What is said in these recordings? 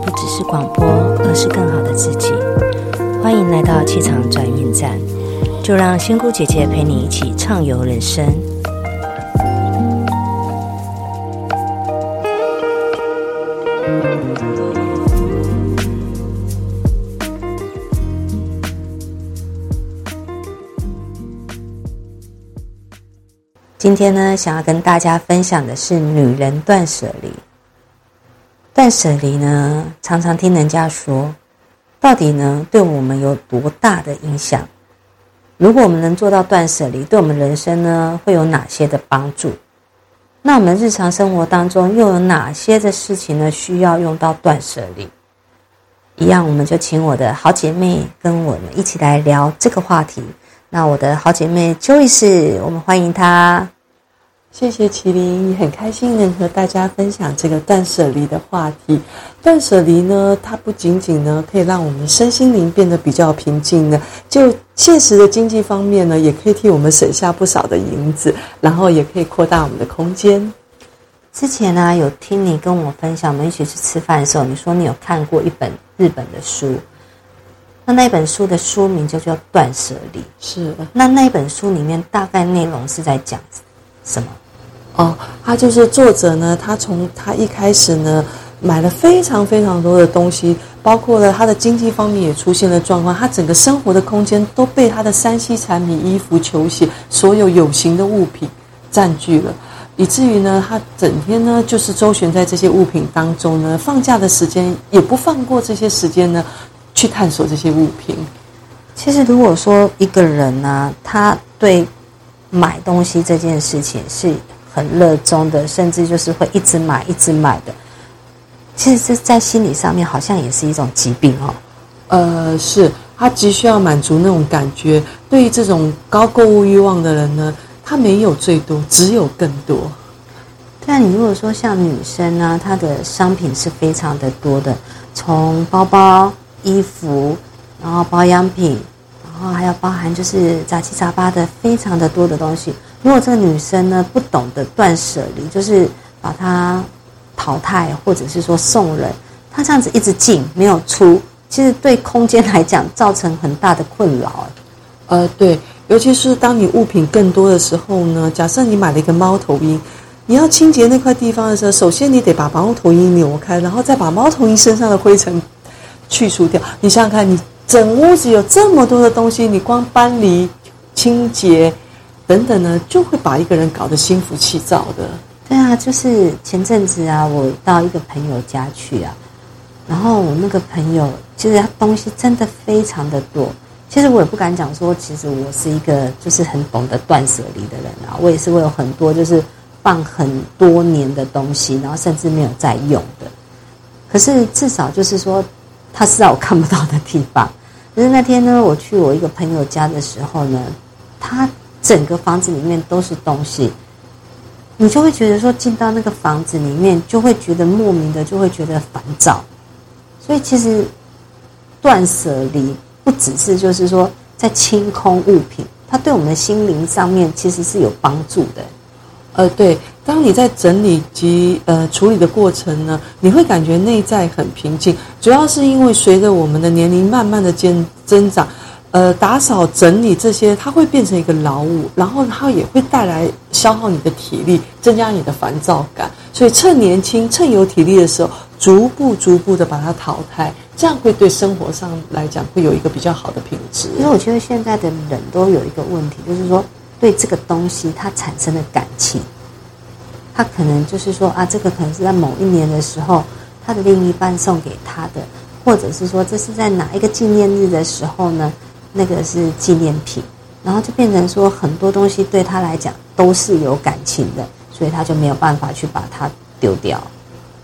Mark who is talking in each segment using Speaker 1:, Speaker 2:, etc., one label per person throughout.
Speaker 1: 不只是廣播，而是更好的自己。歡迎來到氣場轉運站，就讓仙姑姐姐陪你一起暢遊人生。今天呢，想要跟大家分享的是女人斷捨離。斷捨離呢，常常聽人家說，到底呢對我們有多大的影響？如果我們能做到斷捨離，對我們人生呢會有哪些的幫助？那我們日常生活當中又有哪些的事情呢需要用到斷捨離？一樣，我們就請我的好姐妹跟我們一起來聊這個話題。那我的好姐妹邱醫師，我們歡迎她。謝謝麒麟，也很開
Speaker 2: 心能和大家分享這個斷捨離的話題。斷捨離呢，它不僅僅呢可以讓我們身心靈變得比較平靜呢，就現實的經濟方面呢，也可以替我們省下不少的銀子，然後也可以擴大我們的空間。
Speaker 1: 之前呢，有聽你跟我分享，我們一起去吃飯的時候，你說你有看過一本日本的書，那那本書的書名就叫《斷捨離》是的。是，那那本書裡面大概內容是在講什麼？哦，他就是
Speaker 2: 作者呢。他從他一開始呢，買了非常非常多的東西，包括了他的經濟方面也出現了狀況。他整個生活的空間都被他的山西產品、衣服、球鞋，所有有形的物品占據了，以至於呢，他整天呢就是周旋在這些物品當中呢。放假的時間也不放過這些時
Speaker 1: 間呢，去探索這些物品。其實，如果說一個人呢、啊，他對。買東西這件事情是很熱衷的，甚至就是會一直買、一直買的。其實這在心理上面好像也是一種疾病哦。呃，是，他急需要滿足那種感覺。對於這種高購物欲望的人呢，他沒有最多，只有更多。但你如果說像女生呢，她的商品是非常的多的，從包包、衣服，然後保養品。然後還要包含就是雜七雜八的非常的多的東西。如果這個女生呢，不懂得斷捨離，就是把它淘汰或者是說送人，她這樣子一直進沒有出，其實對空間來講造成很大的困擾，欸。呃，對，尤
Speaker 2: 其是當你物品更多的時候呢，假設你買了一個貓頭鷹，你要清潔那塊地方的時候，首先你得把貓頭鷹扭開，然後再把貓頭鷹身上的灰塵去除掉。你想想看，你。整屋子有這麼多的東西，你光搬離、清潔等等呢，就會把一個人搞得心浮氣躁的。
Speaker 1: 對啊，就是前陣子啊，我到一個朋友家去啊，然後我那個朋友其實他東西真的非常的多。其實我也不敢講說，其實我是一個就是很懂得斷舍離的人啊。我也是會有很多就是放很多年的東西，然後甚至沒有再用的。可是至少就是說，他是在我看不到的地方。可是那天呢，我去我一個朋友家的時候呢，他整個房子裡面都是東西，你就會覺得說，進到那個房子裡面，就會覺得莫名的就會覺得煩躁。所以其實斷捨離不只是就是說在清空物品，它對我們的心靈上面其實是有幫助的。呃，對。當你在整理
Speaker 2: 及呃處理的過程呢，你會感覺內在很平靜。主要是因為隨着我們的年齡慢慢的增增長，呃，打掃整理這些，它會變成一個勞務，然後它也會帶來消耗你的體力，增加你的煩躁感。所以趁年輕、趁有體力的時候，逐步逐步地把它淘汰，這樣會對生活上來講會有一個比較好的品質。因為我
Speaker 1: 覺得現在的人都有一個問題，就是說對這個東西它產生了感情。他可能就是說啊，這個可能是在某一年的時候，他的另一半送給他的，或者是說這是在哪一個紀念日的時候呢，那個是紀念品，然後就變成說很多東西對他來講都是有感情的，所以他就沒有辦法去把它丟掉。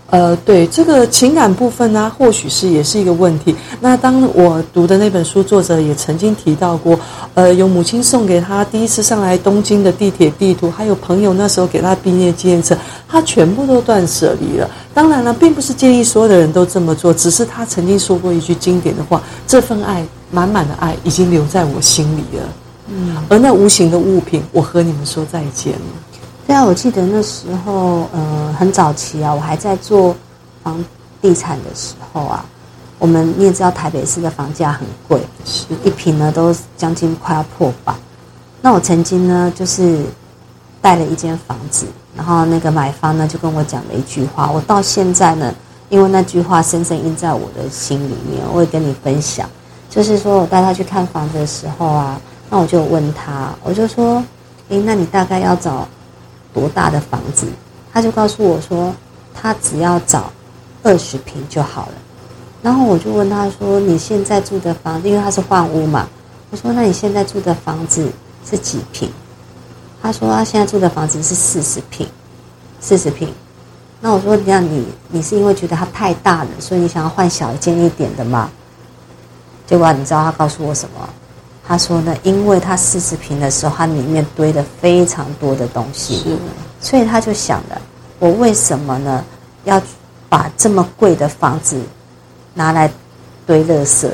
Speaker 1: 呃，對這個情感部分呢、啊，或許是也是一個問
Speaker 2: 題。那當我讀的那本書，作者也曾經提到過，呃，有母親送給她第一次上來東京的地鐵地圖，還有朋友那時候給她畢業紀念冊，她全部都斷捨離了。當然了，並不是建議所有的人都這麼做，只是她曾經說過一句經典的話：“這份愛，滿滿的愛，已經留在我心裡
Speaker 1: 了。”嗯，
Speaker 2: 而那無形的物品，我和你們說再見了。
Speaker 1: 對啊，我記得那時候，呃，很早期啊，我還在做房地產的時候啊，我們你也知道台北市的房價很貴，一平呢都將近快要破百。那我曾經呢，就是帶了一間房子，然後那個買方呢就跟我講了一句話，我到現在呢，因為那句話深深印在我的心裡面，我也跟你分享，就是說我帶他去看房子的時候啊，那我就問他，我就說，哎，那你大概要找？多大的房子？他就告訴我說，他只要找二十坪就好了。然後我就問他說：“你現在住的房子，因為他是換屋嘛。”我說：“那你現在住的房子是幾坪？”他說：“他、啊、現在住的房子是四十坪，四十坪。”那我說：“那你，你是因為覺得它太大了，所以你想要換小間一點的嗎？”結果你知道他告訴我什麼？他說呢，因為他四十坪的時候，他裡面堆了非常多的東西，是的，所以他就想了，我為什麼呢要把這麼貴的房子拿來堆垃圾？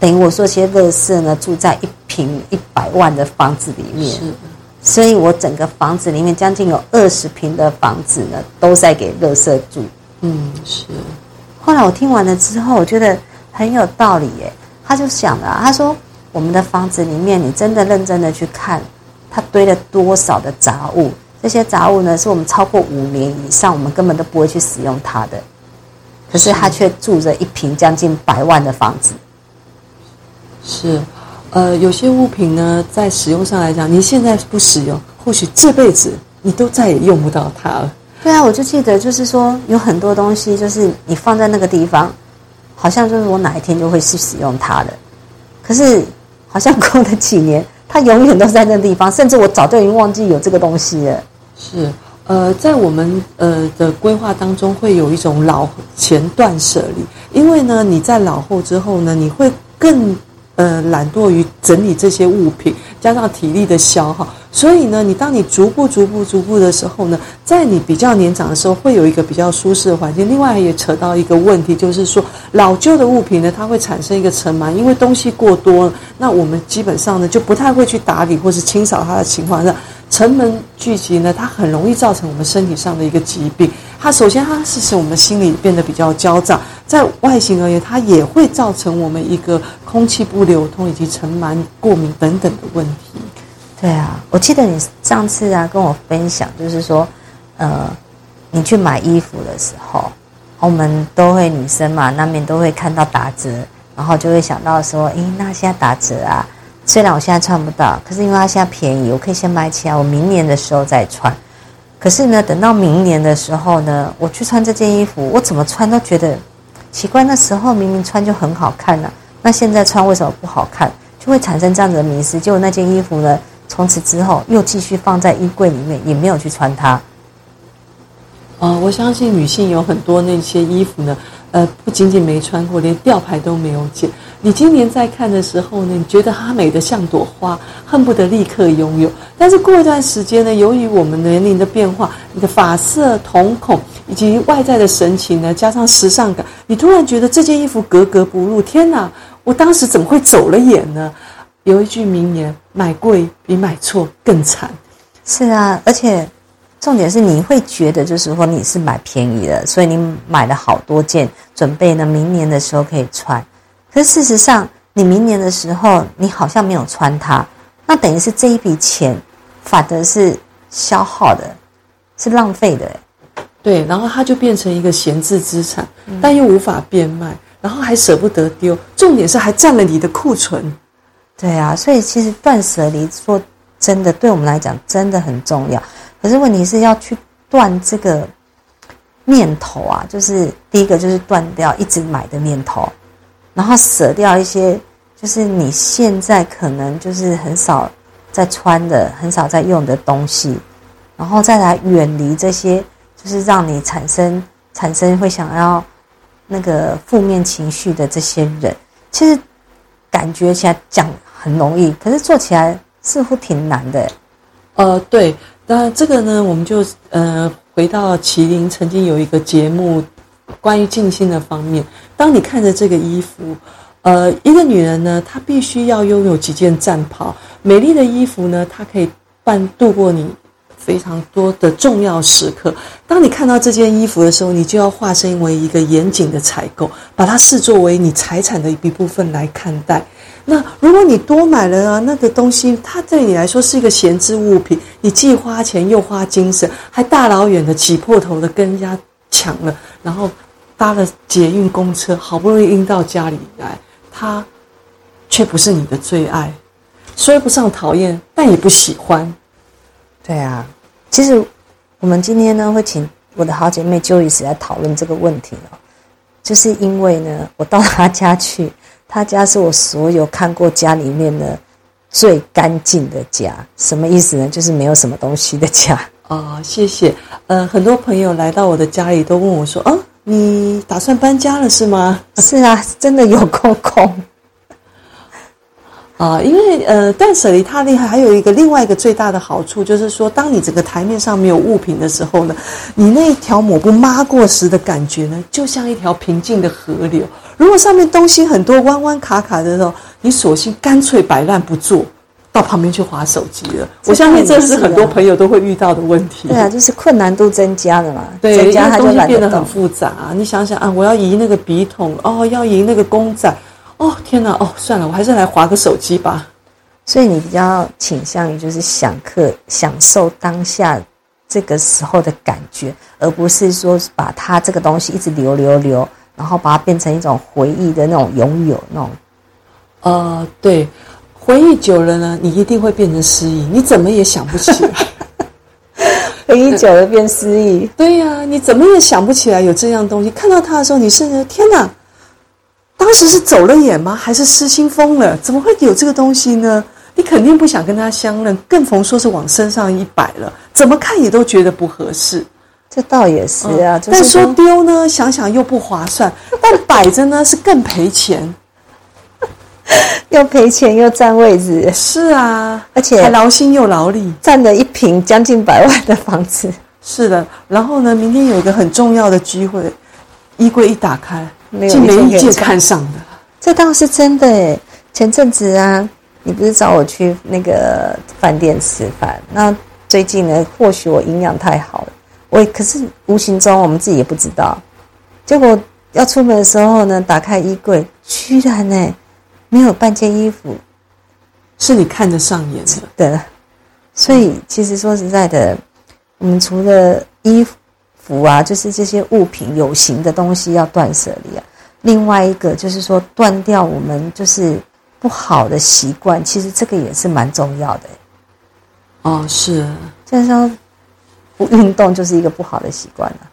Speaker 1: 等於我說，其實垃圾呢住在一坪一百萬的房子裡面，是的，所以我整個房子裡面將近有二十坪的房子呢都在給垃圾住，嗯，是的。後來我聽完了之後，我覺得很有道理耶。他就想了，他說。我們的房子裡面，你真的認真的去看，它堆了多少的雜物？這些雜物呢，是我們超過五年以上，我們根本都不會去使用它的。可是它卻住着一平將近百萬的房子。是，呃，有些物品呢，
Speaker 2: 在使用上來講，你現在不使用，或許這輩子你都再也用不到它了。
Speaker 1: 對啊，我就記得，就是說有很多東西，就是你放在那個地方，好像就是我哪一天就會去使用它的，可是。好像過了幾年，他永遠都在那地方，甚至我早就已經忘記有這個東西了。誒，是，呃，在我
Speaker 2: 們呃的規劃當中，會有一種老前斷捨離，因為呢，你在老後之後呢，你會更呃懶惰於整理這些物品，加上體力的消耗。所以呢，你當你逐步、逐步、逐步的時候呢，在你比較年長的時候，會有一個比較舒適的環境。另外也扯到一個問題，就是說老舊的物品呢，它會產生一個塵蟎，因為東西過多了，那我們基本上呢就不太會去打理或是清掃它的情況下，塵蟎聚集呢，它很容易造成我們身體上的一個疾病。它首先它是使我們心裡變得比較焦躁，在外形而言，它也會造成我們一個空氣不流通以及塵蟎過敏等等的問題。
Speaker 1: 對啊，我記得你上次啊跟我分享，就是說，呃，你去買衣服的時候，我們都會女生嘛，難免都會看到打折，然後就會想到說，哎，那現在打折啊，雖然我現在穿不到，可是因為它現在便宜，我可以先買起來，我明年的時候再穿。可是呢，等到明年的時候呢，我去穿這件衣服，我怎麼穿都覺得奇怪。那時候明明穿就很好看呢，啊，那現在穿為什麼不好看？就會產生這樣子的迷思，結果那件衣服呢。從此之後，又繼續放在衣櫃裡面，也沒有去穿它。
Speaker 2: 呃、哦，我相信女性有很多那些衣服呢，呃，不僅僅沒穿過，連吊牌都沒有剪。你今年在看的時候呢，你覺得它美得像朵花，恨不得立刻擁有。但是過一段時間呢，由於我們年齡的變化，你的髮色、瞳孔以及外在的神情呢，加上時尚感，你突然覺得這件衣服格格不入。天哪，我當時怎麼會走了眼呢？有一句名言：“買
Speaker 1: 貴比買錯更慘。”是啊，而且重點是你會覺得，就是說你是買便宜的，所以你買了好多件，準備呢明年的時候可以穿。可是事實上，你明年的時候你好像沒有穿它，那等於是這一筆錢反而是消耗的，是浪費的。
Speaker 2: 對，然後它就變成一個閒置資產，但又無法變賣，然後還
Speaker 1: 捨不得丟。重點是還佔了你的庫存。對啊，所以其實斷捨離說真的，對我們來講真的很重要。可是問題是要去斷這個念頭啊，就是第一個就是斷掉一直買的念頭，然後捨掉一些就是你現在可能就是很少在穿的、很少在用的東西，然後再來遠離這些，就是讓你產生產生會想要那個負面情緒的這些人。其實。感覺起來講很容易，可是做起來似乎挺難的。呃，對，當然這個呢，我們就呃回
Speaker 2: 到麒麟曾經有一個節目，關於靜心的方面。當你看着這個衣服，呃，一個女人呢，她必須要擁有幾件戰袍。美麗的衣服呢，她可以伴度過你，非常多的重要時刻，當你看到這件衣服的時候，你就要化身為一個嚴謹的採購，把它視作為你財產的一部分來看待。那如果你多買了啊，那個東西它對你來說是一個閒置物品，你既花錢又花精神，還大老遠的擠破頭的跟人家搶了，然後搭了捷運公車，好不容易運到家裡來，它卻不是你的最愛，說不上討
Speaker 1: 厭，但也不喜歡。對啊，其實我們今天呢會請我的好姐妹 Joyce 來討論這個問題哦，就是因為呢我到她家去，她家是我所有看過家裡面的最乾淨的家，什麼意思呢？就是沒有什麼東西的家。哦，謝謝。呃，很多
Speaker 2: 朋友來到我的家裡都問我說：“啊，你打算搬家了是嗎？” 是啊，真的有空空。啊，因為呃，斷舍離它厲害，還有一個另外一個最大的好處就是說，當你整個台面上沒有物品的時候呢，你那一條抹布抹過時的感覺呢，就像一條平靜的河流。如果上面東西很多、彎彎卡卡的時候，你索性乾脆擺爛不做，到旁邊去滑手機了。啊、我相信這是很多朋友都會遇到的問題。對
Speaker 1: 啊，就是困難度增加了嘛，增對加它就得變得很複雜、啊、你想想
Speaker 2: 啊，我要移那個筆筒哦，要移那個
Speaker 1: 公仔。哦，天哪！哦，算了，我還是來劃個手機吧。所以你比較傾向於就是享課，享受當下這個時候的感覺，而不是說把它這個東西一直留留留，然後把它變成一種回憶的那種擁有那種。呃，對，回憶久了呢，你一定會
Speaker 2: 變成失憶，你怎麼也想不起來。 回憶久了變失憶， 對呀、啊，你怎麼也想不起來有這樣東西？看到他的時候，你甚至天哪！當時是走了眼嗎？還是失心瘋了？怎麼會有這個東西呢？你肯定不想跟他相認，更甭說是往身上一擺了。怎麼看也都覺得不合適。這倒也是啊。嗯、是說但說丟呢，想想又不划算；但擺着呢，是更賠錢。 又賠錢又占位置，是啊，而且還勞心又勞力，占了一坪將近百萬的房子。是的，然後呢，明天有一個很重要的機會。衣櫃一打開，
Speaker 1: 沒有就沒一件看上的。這倒是真的。誒，前陣子啊,你不是找我去那個飯店吃飯？那最近呢，或許我營養太好了。我也可是無形中，我們自己也不知道。結果要出門的時候呢，打開衣櫃，居然呢，沒有半件衣服。是你看得上眼的，對。所以其實說實在的，我們除了衣服。服啊，就是這些物品有形的東西要斷捨離啊。另外一個就是說，斷掉我們就是不好的習慣，其實這個也是蠻重要的欸。哦，是，就是說不運動就是一個不好的
Speaker 2: 習慣了。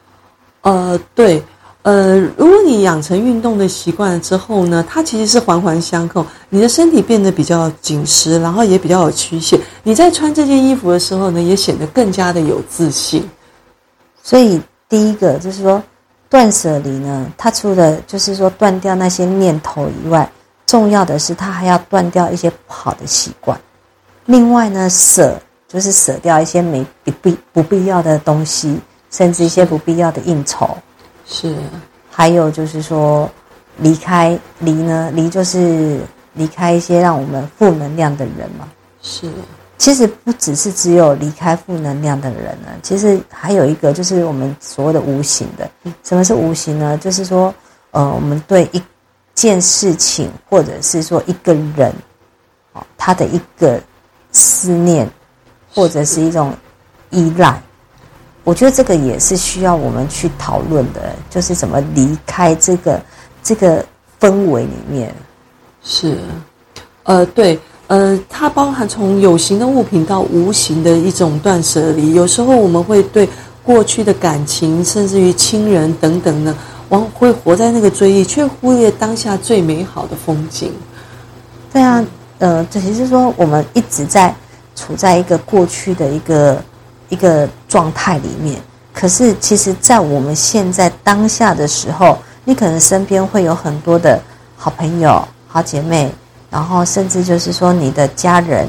Speaker 2: 呃，對，呃，如果你養成運動的習慣之後呢，它其實是環環相扣。你的身體變得比較緊實，然後也比較有曲
Speaker 1: 線。你在穿這件衣服的時候呢，也顯得更加的有自信。所以第一個就是說，斷捨離呢，它除了就是說斷掉那些念頭以外，重要的是它還要斷掉一些不好的習慣。另外呢，捨就是捨掉一些沒必不不必要的東西，甚至一些不必要的應酬。是。還有就是說，離開離呢，離就是離開一些讓我們負能量的人嘛。是。其實不只是只有離開負能量的人呢，其實還有一個就是我們所謂的無形的。什麼是無形呢？就是說，呃，我們對一件事情或者是說一個人，哦，他的一個思念或者是一種依賴，是我覺得這個也是需要我們去討論的，就是怎麼離開這個這個氛圍裡面。是，呃，對。呃，它包含從有
Speaker 2: 形的物品到無形的一種斷捨離。有時候我們會對過去的感情，甚至於親人等等呢，往往會活在那個追憶，卻忽略當下最
Speaker 1: 美好的風景。對啊，呃，這其實說我們一直在處在一個過去的一個一個狀態裡面。可是其實，在我們現在當下的時候，你可能身邊會有很多的好朋友、好姐妹。然後，甚至就是說，你的家人，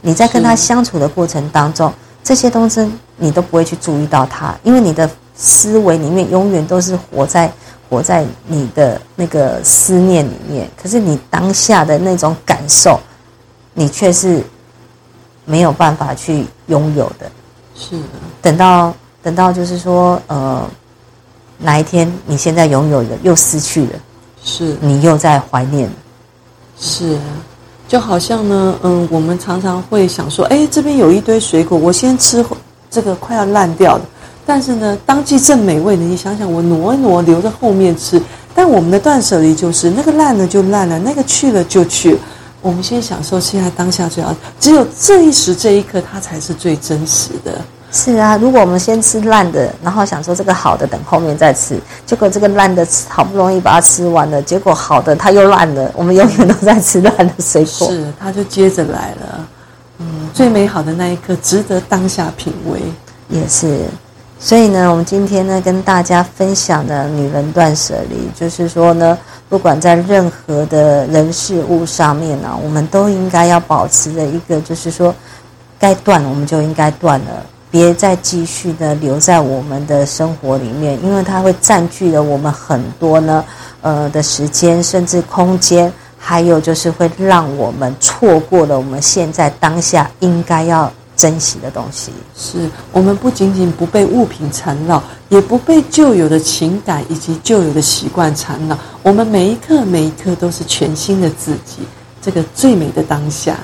Speaker 1: 你在跟他相處的過程當中，是這些東西你都不會去注意到他，因為你的思維裡面永遠都是活在活在你的那個思念裡面。可是，你當下的那種感受，你卻是沒有辦法去擁有的。是。等到，等到，就是說，呃，哪一天你現在擁有了又失去了，是你又在懷念。
Speaker 2: 是，就好像呢，嗯，我們常常會想說，哎、欸，這邊有一堆水果，我先吃這個快要爛掉了。但是呢，當季正美味的，你想想，我挪一挪，留着後面吃。但我們的斷捨離就是，那個爛了就爛了，那個去了就去了。我們先享受現在當下，最好只有這一
Speaker 1: 時這一刻，它才是最真實的。是啊，如果我們先吃爛的，然後想說這個好的等後面再吃，結果這個爛的好不容易把它吃完了，結果好的它又爛了。我們永遠都在吃爛的水果，是它就接着來了。嗯，最美好的那一刻值得當下品味，也是。所以呢，我們今天呢跟大家分享的女人斷舍離，就是說呢，不管在任何的人事物上面呢、啊，我們都應該要保持的一個，就是說，該斷我們就應該斷了。別再繼續的留在我們的生活裡面，因為它會占據了我們很多呢呃的時間，甚至空間，還有就是會讓我們錯過了我們現在當下應該要珍惜的東西。是我們不僅僅不被物品纏繞，
Speaker 2: 也不被舊有的情感以及舊有的習慣纏繞，我們每一刻每一刻
Speaker 1: 都是全新的自己，這個最美的當下。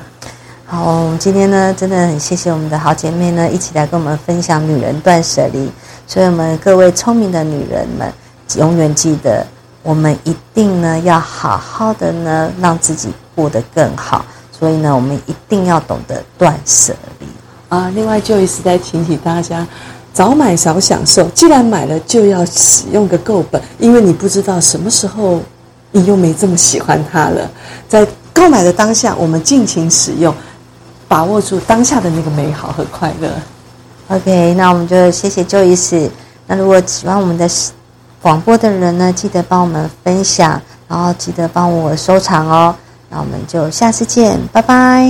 Speaker 1: 好，我們今天呢，真的很謝謝我們的好姐妹呢，一起來跟我們分享女人斷捨離。所以，我們各位聰明的女人們，永遠記得，我們一定呢，要好好的呢，讓自己過得更好。所以呢，我們一定要懂得斷捨離啊。另外，就一直在提醒大家，早買早享受。既然
Speaker 2: 買了，就要使用個夠本，因為你不知道什麼時候你又沒這麼喜歡它了。在購買的當下，我們盡情使用。把握住
Speaker 1: 當下的那個美好和快樂。OK，那我們就謝謝周醫師。那如果喜歡我們的廣播的人呢，記得幫我們分享，然後記得幫我收藏哦。那我們就下次見，拜拜。